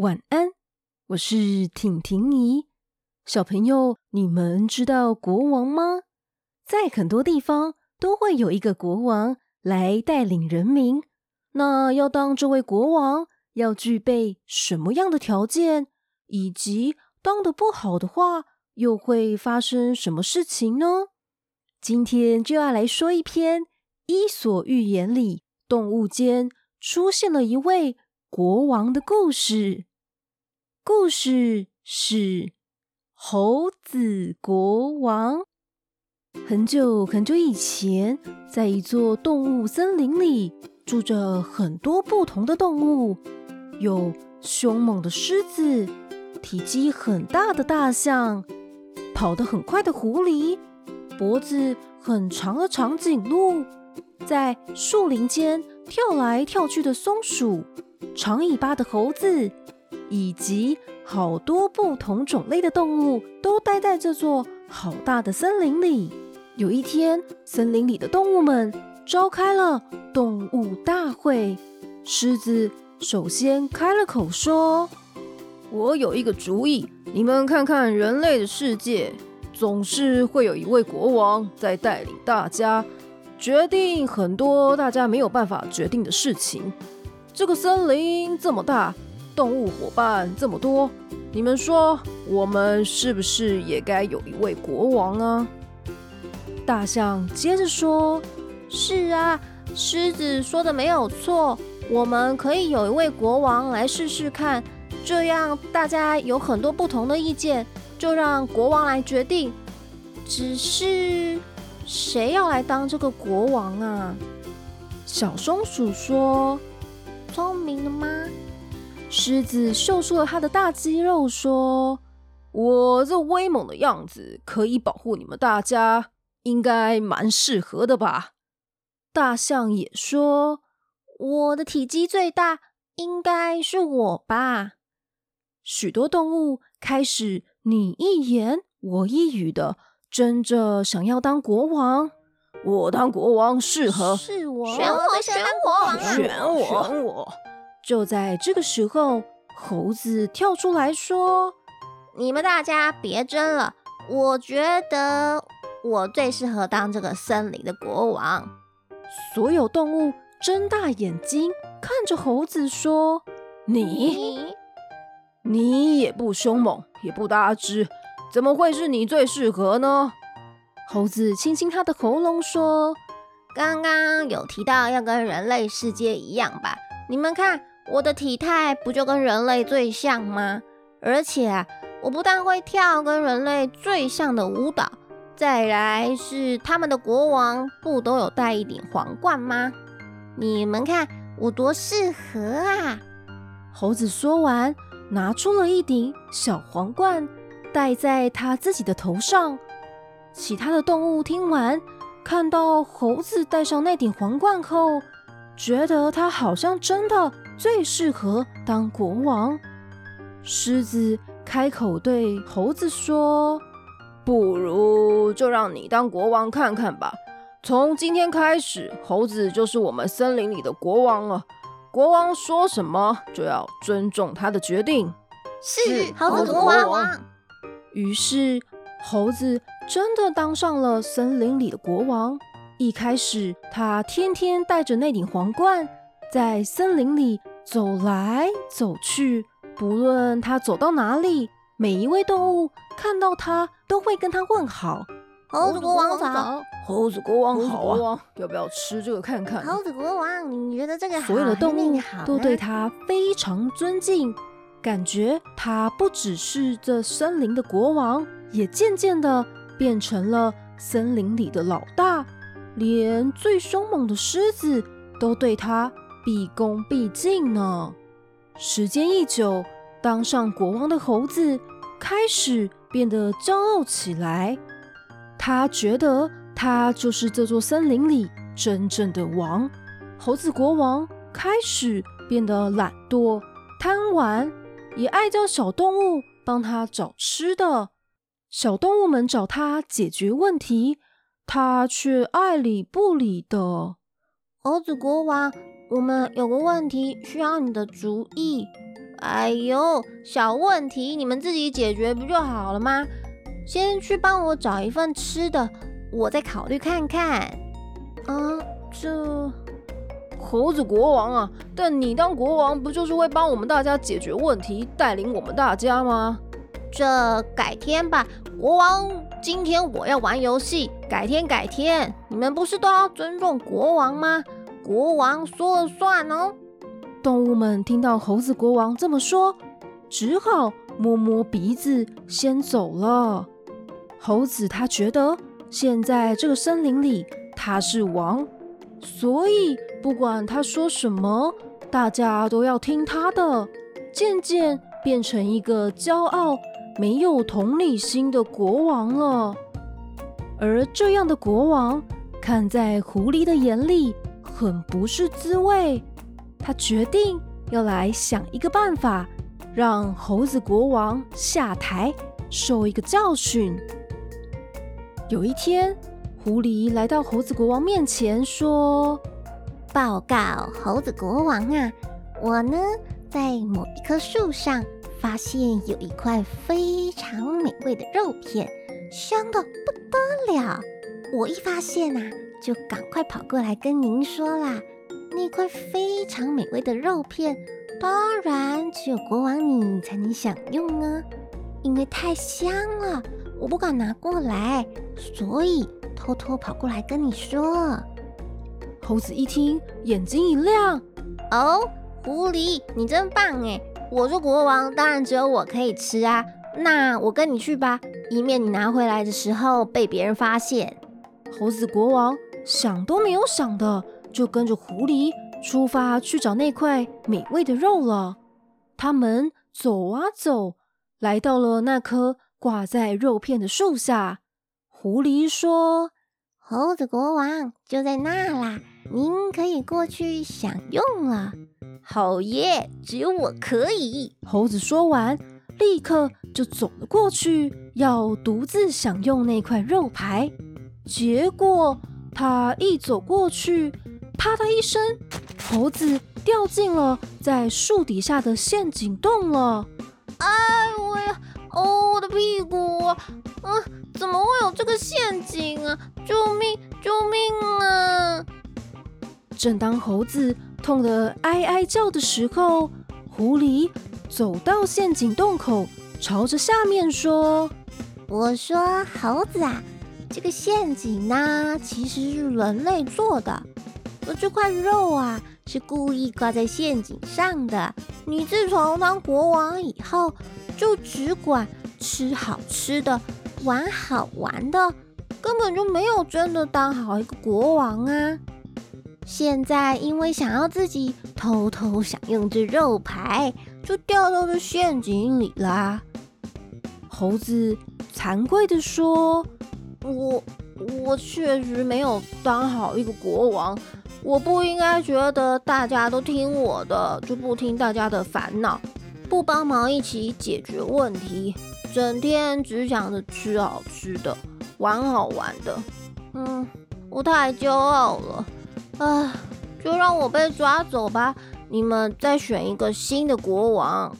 晚安，我是婷婷姨，小朋友。你們知道國王嗎？在很多地方都會有一個國王來帶領人民。那要當這位國王，要具備什麼樣的條件？以及當得不好的話，又會發生什麼事情呢？今天就要來說一篇《伊索寓言》裡動物間出現了一位國王的故事。故事是猴子國王。很久很久以前，在一座動物森林裡，住着很多不同的動物：有兇猛的獅子，體積很大的大象，跑得很快的狐狸，脖子很長的長頸鹿，在樹林間跳來跳去的松鼠，長尾巴的猴子。以及好多不同種類的動物都待在這座好大的森林裡。有一天，森林裡的動物們召開了動物大會。獅子首先開了口，說：“我有一個主意，你們看看人類的世界，總是會有一位國王在帶領大家，決定很多大家沒有辦法決定的事情。這個森林這麼大。”動物夥伴這麼多，你們說我們是不是也該有一位國王啊？大象接着說：“是啊，獅子說的沒有錯，我們可以有一位國王來試試看。這樣大家有很多不同的意見，就讓國王來決定。只是誰要來當這個國王啊？”小松鼠說：“聰明了嗎？”獅子秀出了他的大肌肉，說：“我這威猛的樣子可以保護你們大家，應該蠻適合的吧？”大象也說：“我的體積最大，應該是我吧？”許多動物開始你一言我一語的爭着想要當國王。我當國王適合，是我，選我，選我，選我，選我。就在這個時候，猴子跳出來說：“你們大家別爭了，我覺得我最適合當這個森林的國王。”所有動物睜大眼睛看着猴子說：“你，你，你也不兇猛，也不大隻，怎麼會是你最適合呢？”猴子清清他的喉嚨說：“剛剛有提到要跟人類世界一樣吧？你們看。”我的體態不就跟人類最像嗎？而且啊，我不但會跳跟人類最像的舞蹈，再來是他們的國王不都有戴一頂皇冠嗎？你們看我多適合啊！猴子說完，拿出了一頂小皇冠，戴在他自己的頭上。其他的動物聽完，看到猴子戴上那頂皇冠後，覺得他好像真的。最適合當國王。獅子開口對猴子說：“不如就讓你當國王看看吧。從今天開始，猴子就是我們森林裡的國王了。國王說什麼，就要尊重他的決定。”是猴子國王。於是，猴子真的當上了森林裡的國王。一開始，他天天戴著那頂皇冠，在森林裡。走來走去，不論他走到哪裡，每一位動物看到他都會跟他問好。猴子國王好，猴子國王好，猴子國王好啊！要不要吃這個看看？猴子國王，你覺得這個好？所有的動物都對他非常尊敬，感覺他不只是這森林的國王，也漸漸的變成了森林裡的老大，連最兇猛的獅子都對他。畢恭畢敬呢。時間一久，當上國王的猴子開始變得驕傲起來。他覺得他就是這座森林裡真正的王。猴子國王開始變得懶惰、貪玩，也愛叫小動物幫他找吃的。小動物們找他解決問題，他卻愛理不理的。猴子國王。我們有個問題需要你的主意。哎呦，小問題，你們自己解決不就好了嗎？先去幫我找一份吃的，我再考慮看看。啊，這猴子國王啊，但你當國王不就是會幫我們大家解決問題，帶領我們大家嗎？這改天吧，國王，今天我要玩遊戲，改天改天。你們不是都要尊重國王嗎？國王說了算哦。動物們聽到猴子國王這麼說，只好摸摸鼻子，先走了。猴子他覺得現在這個森林裡他是王，所以不管他說什麼，大家都要聽他的。漸漸變成一個驕傲、沒有同理心的國王了。而這樣的國王，看在狐狸的眼裡，很不是滋味，他決定要來想一個辦法，讓猴子國王下台，受一個教訓。有一天，狐狸來到猴子國王面前，說：“報告猴子國王啊，我呢在某一棵樹上發現有一塊非常美味的肉片，香得不得了。我一發現吶、啊。”就趕快跑過來跟您說啦，那塊非常美味的肉片，當然只有國王你才能享用呢、啊，因為太香了，我不敢拿過來，所以偷偷跑過來跟你說。猴子一聽，眼睛一亮，哦，狐狸，你真棒哎！我是國王，當然只有我可以吃啊。那我跟你去吧，以免你拿回來的時候被別人發現。猴子國王想都沒有想的，就跟着狐狸出發去找那塊美味的肉了。他們走啊走，來到了那棵掛在肉片的樹下。狐狸說：“猴子國王就在那啦，您可以過去享用了。”“好耶，只有我可以！”猴子說完，立刻就走了過去，要獨自享用那塊肉排。結果。他一走過去，啪的一聲，猴子掉進了在樹底下的陷阱洞了。哎我呀！哦，我的屁股啊！啊、嗯，怎麼會有這個陷阱啊？救命！救命啊！正當猴子痛得哀哀叫的時候，狐狸走到陷阱洞口，朝着下面說：“我說，猴子啊。”這個陷阱呢、啊，其實是人類做的。而這塊肉啊，是故意掛在陷阱上的。你自從當國王以後，就只管吃好吃的，玩好玩的，根本就沒有真的當好一個國王啊！現在因為想要自己偷偷享用這肉排，就掉到了陷阱裡啦。猴子慚愧地說。我我確實沒有當好一個國王，我不應該覺得大家都聽我的，就不聽大家的煩惱，不幫忙一起解決問題，整天只想着吃好吃的，玩好玩的。嗯，我太驕傲了，啊，就讓我被抓走吧。你們再選一個新的國王。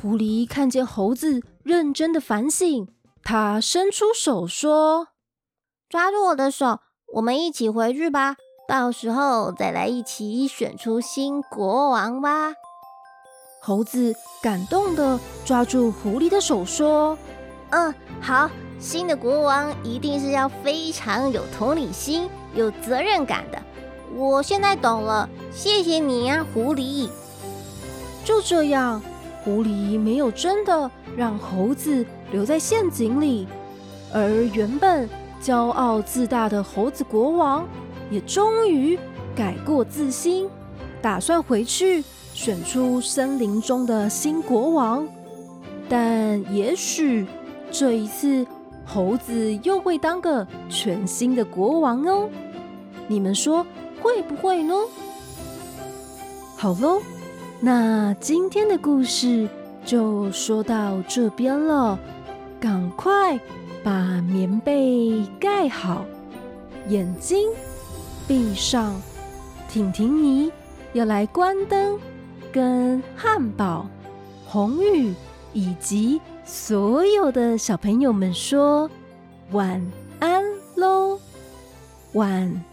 狐狸看見猴子認真的反省，他伸出手說：“抓住我的手，我們一起回去吧。到時候再來一起選出新國王吧。”猴子感動的抓住狐狸的手說：“嗯，好。新的國王一定是要非常有同理心、有責任感的。我現在懂了，謝謝你啊，狐狸。”就這樣，狐狸沒有真的讓猴子。留在陷阱裡，而原本驕傲自大的猴子國王也終於改過自新，打算回去選出森林中的新國王。但也許這一次，猴子又會當個全新的國王哦。你們說會不會呢？好嘍，那今天的故事就說到這邊了。趕快把棉被蓋好，眼睛閉上。婷婷姨要來關燈，跟瀚寶、竑宇以及所有的小朋友們說晚安嘍，晚。